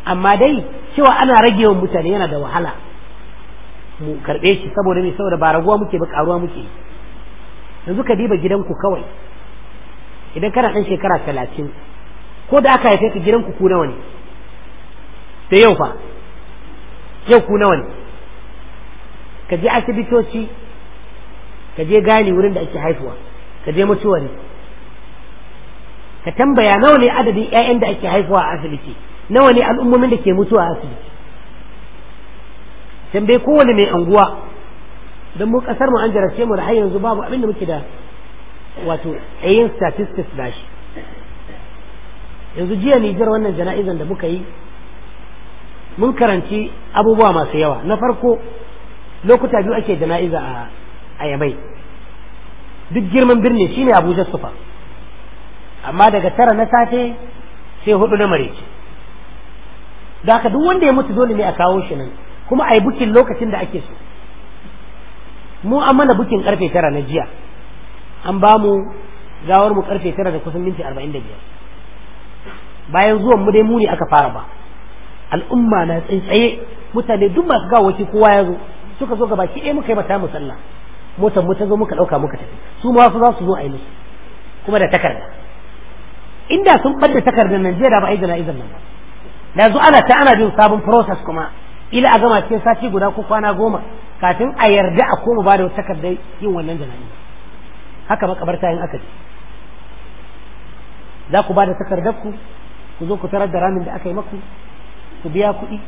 amma dai cewa ana rage yawan mutane yana da wahala mu karɓe shi saboda me saboda ba raguwa muke ba karuwa muke yanzu ka diba gidanku kawai idan kana ɗan shekara talatin ko da aka haife ka gidanku ku nawa ne da yau fa yau ku nawa ne ka je asibitoci ka je gani wurin da ake haifuwa ka je mutuwari ka tambaya nawa ne adadin 'ya'yan da ake haifuwa a asibiti nawa ne al'ummomin da ke mutuwa a asibiti tambaye kowane mai anguwa don mu kasar mu an jarabce mu da har yanzu babu abinda muke da wato tsayin statistics da shi yanzu jiya Nijar wannan jana'izan da muka yi mun karanci abubuwa masu yawa na farko lokuta biyu ake jana'iza a yamai duk girman birni shine abuja sufa amma daga tara na safe sai hudu na mareci da haka duk wanda ya mutu dole ne a kawo shi nan kuma a yi bukin lokacin da ake so mu an mana bukin karfe tara na jiya an ba mu gawar mu karfe tara da kusan minti arba'in da biyar bayan zuwan mu dai muni aka fara ba al'umma na tsaye mutane duk masu gawaki kowa ya zo suka zo gabaki ɗaya muka yi mata musalla sallah motar mu ta zo muka ɗauka muka tafi su ma su za su zo a yi musu kuma da takarda inda sun ɓadda takardar nan jiya da ba a yi jana'izar nan ba yanzu ana ta ana bin sabon process kuma ila a gama cikin sati guda ko kwana goma kafin a yarda a koma ba da wata takardar yin wannan jana'i haka makabarta yin aka ce za ku ba da takardar ku ku zo ku tarar da ramin da aka yi maku ku biya kuɗi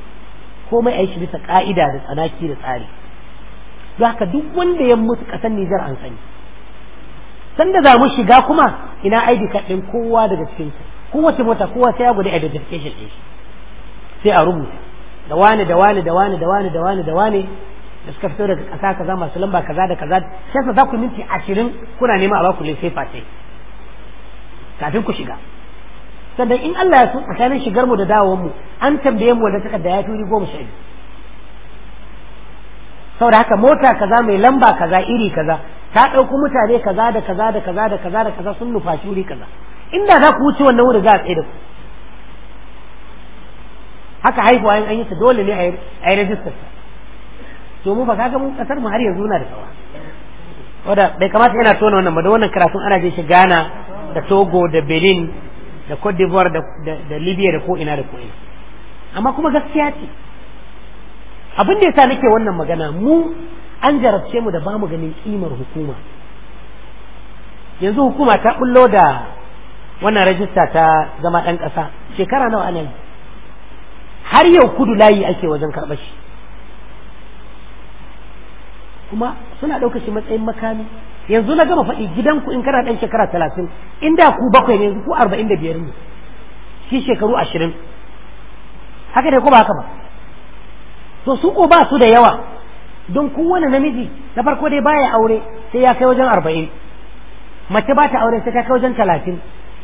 komai a yi shi bisa ka'ida da tsanaki da tsari don haka duk wanda ya mutu ƙasar Nijar an sani sanda za mu shiga kuma ina ID card ɗin kowa daga cikin ku kowace mota kowa sai ya gudu identification ɗin sai a rubuta da wani da wani da wani da wani da wani da wani da suka fito daga kasa kaza masu lamba kaza da kaza sai sa za ku minti ashirin kuna nema a baku lissafi face kafin ku shiga sannan in Allah ya so tsakanin shigar mu da dawowar mu an tambaye mu wanda takarda ya turi goma sha biyu saboda haka mota kaza mai lamba kaza iri kaza ta ɗauko mutane kaza da kaza da kaza da kaza da kaza sun nufa wuri kaza inda za ku wuce wannan wuri za a tsaye da ku Aka haihuwa in an yi sa dole ne a yi rajistar ta to mu ba ga mun kasar mu har yanzu na da kawa wanda bai kamata yana tona wannan ba da wannan karatun ana je shi Ghana da Togo da Benin da Cote d'Ivoire da Libya da ko ina da ko ina amma kuma gaskiya ce abin da yasa nake wannan magana mu an jarabce mu da bamu ganin kimar hukuma yanzu hukuma ta bullo da wannan rajista ta zama ɗan kasa shekara nawa ana yi har yau kudu layi ake wajen karɓar shi kuma suna ɗaukar shi matsayin makami yanzu na gama faɗi gidanku in kana ɗan shekara talatin inda ku bakwai ne yanzu ku arba'in da biyar ne shi shekaru ashirin haka dai ko ba haka ba to su ko ba su da yawa don kowane namiji na farko dai baya aure sai ya kai wajen arba'in mace ba ta aure sai ta kai wajen talatin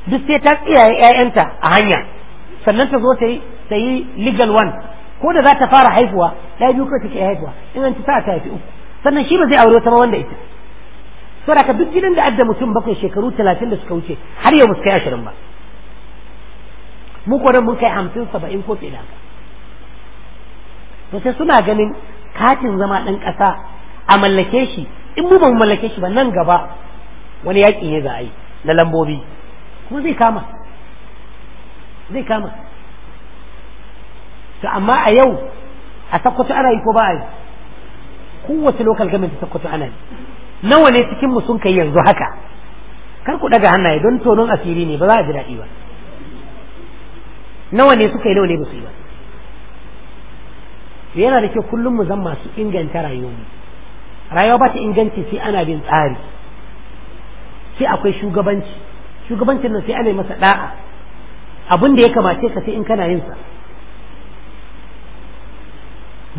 duk sai ta tsiyaye 'ya'yanta a hanya sannan ta zo ta yi yi legal one ko da za ta fara haihuwa ya yi kawai take haihuwa in an ci sa ta fi uku sannan shi ba zai aure wata ma wanda ita saboda ka duk gidan da adda mutum bakwai shekaru talatin da suka wuce har yau musu kai ashirin ba mu kwanan mun kai hamsin saba'in ko fiye da haka to sai suna ganin katin zama ɗan ƙasa a mallake shi in mu ba mu mallake shi ba nan gaba wani yaƙi ne za a yi na lambobi kuma zai kama zai kama to amma a yau a sakkwato ana yi ko ba a yi kowace local government sakkwato ana yi nawa ne cikin mu sun kai yanzu haka kar ku daga hannaye don tonon asiri ne ba za a ji daɗi ba nawa ne suka yi nawa ne ba su yi ba yana da kyau kullum mu zan masu inganta mu rayuwa ba ta inganci sai ana bin tsari sai akwai shugabanci shugabancin nan sai ana masa da'a abun da ya kamace ka sai in kana yin sa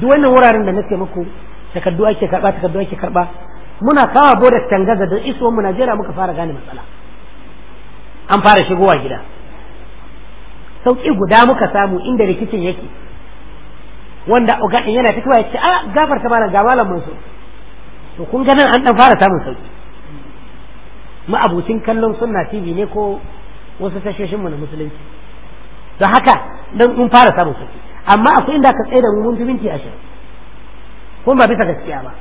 duk wannan wuraren da nake muku takardu ake karba takardu ake karba muna kawo boda tangaza don iso mu Najeriya muka fara gane matsala an fara shigowa gida sauki guda muka samu inda rikicin yake wanda ogadin yana fitowa ya ce a ta bana ga malam so. to kun ganin an dan fara samun sauki ma'abucin kallon sunna tv ne ko wasu tashoshin mu na musulunci don haka dan mun fara samun sauki amma akwai inda ka tsaye da mu mun ji minti ashirin kuma ba bisa gaskiya ba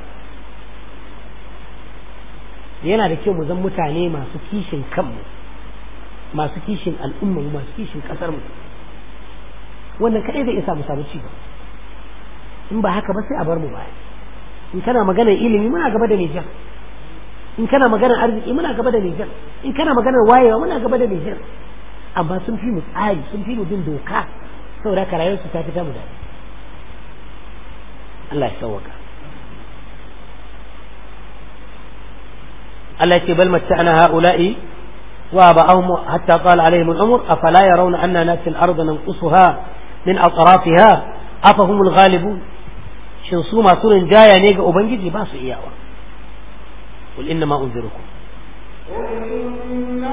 yana da kyau mu zan mutane masu kishin kanmu masu kishin al'umma masu kishin kasar mu wannan kaɗai zai isa mu samu ci ba in ba haka ba sai a bar mu baya in kana magana ilimi muna gaba da Nijar in kana magana arziki muna gaba da Nijar in kana maganar wayewa muna gaba da Nijar amma sun fi mu tsari sun fi mu bin doka saboda ka rayuwarsu ta fi ta mu daɗi Allah ya sauwaka Allah ce bal matta'na ha'ula'i wa ba'ahum hatta qala alaihim al-umr afala yarawna anna nati al-ardh nanqusuha min atrafiha afahum al-ghalibun shin su masu rinjaya ne ga ubangiji ba su iyawa qul inna ma unzirukum qul inna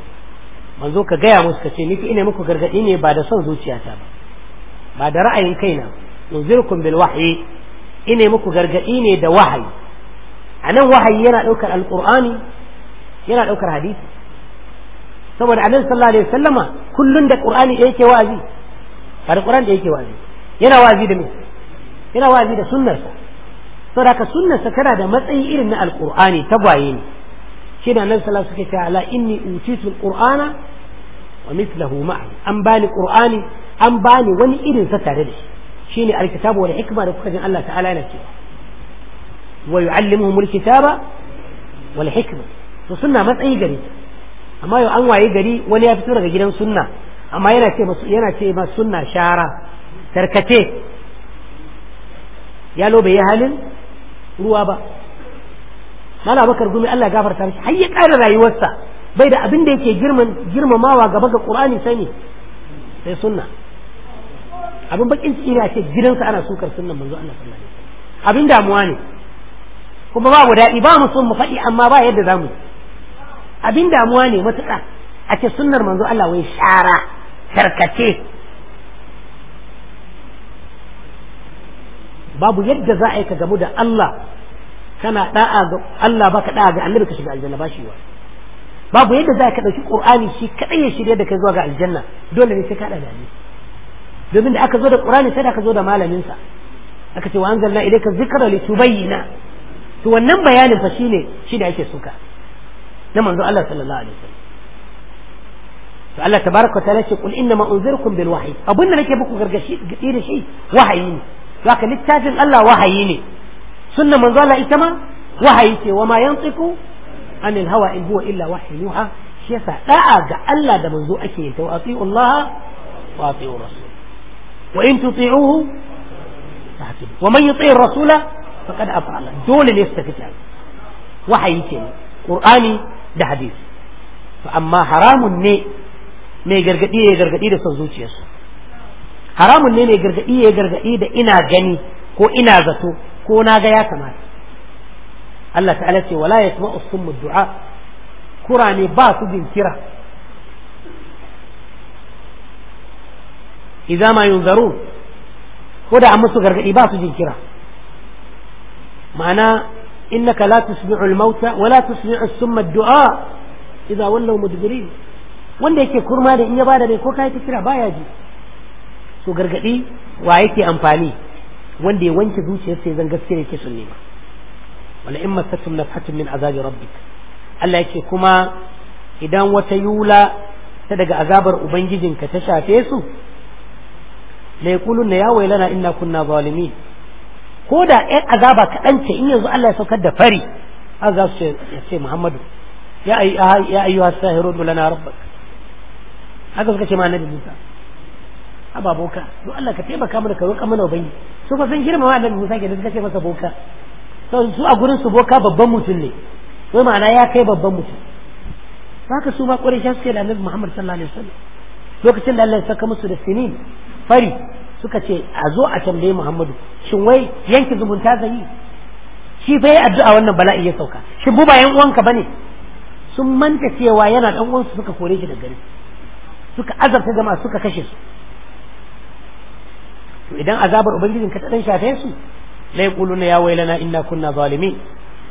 manzo ka gaya musu ce niki ina muku gargadi ne ba da son zuciyata ba ba da ra'ayin kaina unzirkum bil wahyi ina muku gargadi ne da wahayi anan wahayi yana daukar alqur'ani yana daukar hadisi saboda annabi sallallahu alaihi wasallama kullun da qur'ani da yake wazi ba da qur'ani da yake wazi yana wazi da me yana wazi da sunnarsa saboda ka sunnarsa tana da matsayi irin na alqur'ani tagwaye ne shi da annabi sallallahu alaihi wasallam suke cewa ala inni utitu alqur'ana wa mithlahu an bani qur'ani an bani wani irin sa tare da shi shine alkitabu wal hikma da kuka jin Allah ta'ala yana cewa wa yu'allimuhum alkitaba wal hikma to matsayi gare ta amma yau an waye gari wani ya fito daga gidan sunna amma yana ce masu ce ma shara tarkace yalo bai ya halin ruwa ba mala bakar gumi Allah gafarta mishi har ya ƙara rayuwarsa bai da abin da yake girmamawa gaba ga qur'ani sai ne sai sunna abin bakin ciki ne a ce gidansa ana sukar sunnan manzo Allah sallallahu alaihi wasallam abin damuwa ne kuma ba mu daɗi ba mu sun mu faɗi amma ba yadda zamu abin damuwa ne matuƙa a ce sunnar manzo Allah wai shara tarkace babu yadda za a yi ka gamu da Allah kana da'a ga Allah baka da'a ga annabi ka shiga aljanna ba shi wa babu yadda za ka ɗauki ƙur'ani shi kaɗai ya shirya da kai zuwa ga aljanna dole ne sai ka da hadisi domin da aka zo da ƙur'ani sai da aka zo da malaminsa aka ce wa anzalna ilayka dhikra litubayyana to wannan bayanin fa ne shi da ake suka na manzo Allah sallallahu alaihi wasallam to Allah tabaraka wa ta'ala ce qul inna ma unzirukum bil wahyi abun da nake muku gargashi gidi da shi wahayi ne aka littafin Allah wahayi ne sunna manzo Allah ita ma wahayi ce wa ma yantiqu anil hawa in huwa illa wahyu yuha shi yasa da'a ga Allah da manzo ake yin wa ati'u Allah wa in tuti'uhu tahtadu wa man yuti'ir rasula faqad afa Allah dole ne su tafi tare wahayi ke qur'ani da hadisi amma haramun ne mai gargadi ya gargadi da son zuciyarsa haramun ne mai gargadi ya gargadi da ina gani ko ina zato ko na ga ya kamata Allah ta'ala ce wala yasma'u summu du'a ne ba su jin kira Iza ma yunzaru ko da amma musu gargadi ba su jin kira ma'ana innaka la tusmi'u al-mauta wa la tusmi'u summa du'a idza wallaw mudbirin wanda yake kurma da in ya bada bai ko kai ta kira baya ji so gargadi wa yake amfani wanda ya wanke zuciyarsa ya zan gaskiya yake sunne ba wala in masatum nafhatun min azabi rabbik Allah yake kuma idan wata yula ta daga azabar ubangijinka ta shafe su la na ya waylana inna kunna zalimin ko da ɗan azaba kaɗan ce in yanzu Allah ya saukar da fari an za su ce Muhammadu ya ayyuha sahirun lana rabbak haka suka ce ma annabi Musa a ba boka don Allah ka taimaka mana ka roƙa mana ubangi su fa san girmama annabi Musa ke da suka ce masa boka su a gurin su boka babban mutum ne wai ma'ana ya kai babban mutum haka su ma ƙwarai shan suke da annabi Muhammad sallallahu alaihi wasallam lokacin da Allah ya saka musu da sinin fari suka ce a zo a tambaye Muhammadu shin wai yanki zumunta zai yi shi bai addu'a wannan bala'i ya sauka shi bu ba yan uwanka bane sun manta cewa yana dan uwansu suka kore shi da gari suka azabta jama'a suka kashe su to idan azabar ubangijin ka ta dan shafe su la yaquluna ya wailana inna kunna zalimin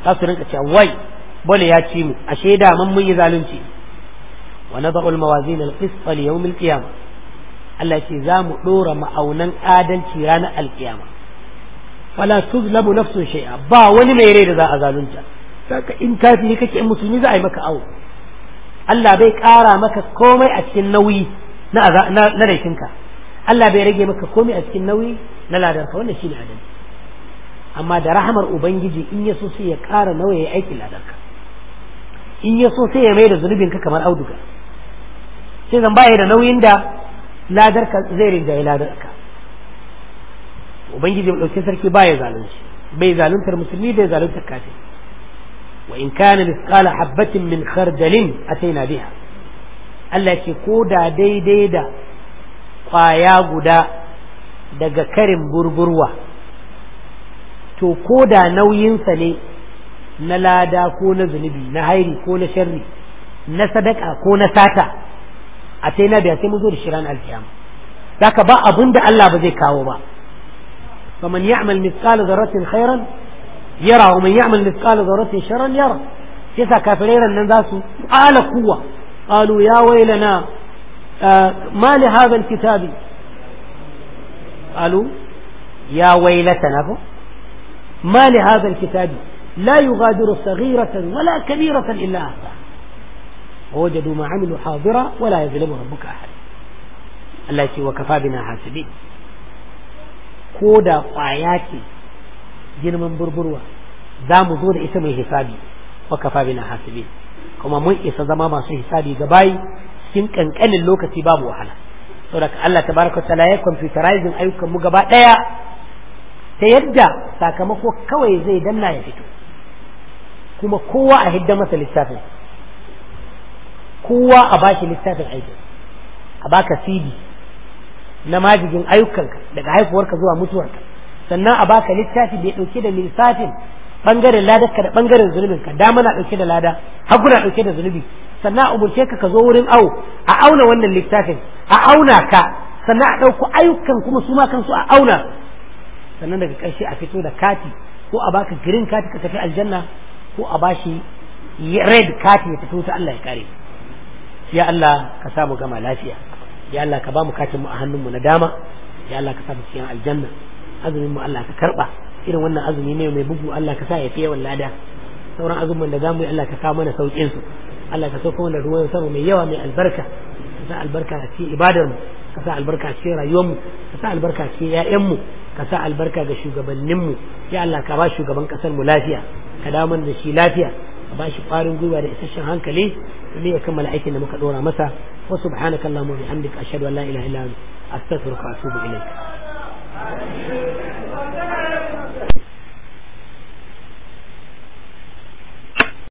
za su rinka cewa wai bole ya ci mu ashe da mun mun yi zalunci wa nadau al mawazin al qist li yawm al qiyam Allah ya ce za mu dora ma'aunan adalci ranar alkiyama fala tuzlamu nafsun shay'a ba wani mai rai da za a zalunta saka in kafiri kake in musulmi za a yi maka awo Allah bai ƙara maka komai a cikin nauyi na laifinka Allah bai rage maka komai a cikin nauyi na ladarka wannan shi ne adalci amma da rahamar ubangiji in ya so sai ya ƙara nawa ya aiki ladarka in ya so sai ya mai da zunubin ka kamar auduga sai zan baya da nauyin da ladarka zai ya ladarka ubangiji mai ɗauke sarki baya zalunci bai zaluntar musulmi bai zaluntar kafin wa in kana misqala habatin min khardalin ataina biha Allah ce ko da daidai da kwaya guda daga karin burburwa to ko da nauyinsa ne na lada ko na zunubi na hairi ko na sharri na sadaka ko na sata a sai na biya sai mu zo da shiran alkiyama zaka ba abun da Allah ba zai kawo ba man ya'mal mithqala dharratin khairan yara wa man ya'mal mithqala dharratin sharran yara sai sa kafirai nan za su ala kuwa qalu ya waylana eh, ma li hadha alkitabi qalu ya waylatana ko ما لهذا الكتاب لا يغادر صغيرة ولا كبيرة إلا أهدا ووجدوا ما عملوا حاضرا ولا يظلم ربك أحد التي وكفى بنا حاسبين كودا قاياتي جن من بربروة زام دور اسم حسابي وكفى بنا حاسبين كما من إسا زمان ما سوى حسابي قباي سنكا كان اللوكة باب وحنا سورك الله تبارك وتعالى يكون في ترايزن أيكم مقبات ليه ta yadda sakamako kawai zai danna ya fito kuma kowa a hidda masa littafin kowa a baki littafin aiki a baka cd na majigin ayyukanka daga haifuwarka zuwa mutuwarka sannan a baka littafin da ya dauke da lissafin bangaren ka da bangaren ka dama na dauke da lada hagu na dauke da zunubi sannan a umurce ka ka zo wurin au a auna wannan littafin a auna ka sannan a ɗauko ayyukan kuma su ma kansu a auna sannan daga ƙarshe a fito da kati ko a baka green kati ka tafi aljanna ko a bashi red kati ya fito ta Allah ya kare ya Allah ka sa mu gama lafiya ya Allah ka ba mu katin mu a hannunmu na dama ya Allah ka sa mu cikin aljanna azumin mu Allah ka karba irin wannan azumi ne mai bugu Allah ka sa ya fiye lada sauran azumin da zamu yi Allah ka kawo mana saukin su Allah ka sauko mana ruwan sama mai yawa mai albarka ka sa albarka a cikin ibadar ka sa albarka a cikin rayuwar ka sa albarka a cikin ƴaƴan mu ka sa albarka ga shugabanninmu ya Allah ka ba shugaban kasar mu lafiya ka dawo da shi lafiya ka ba shi kwarin gwiwa da isasshen hankali domin ya kammala aikin da muka dora masa wa subhanaka allahumma bihamdika ashhadu an la ilaha illa anta astaghfiruka wa atubu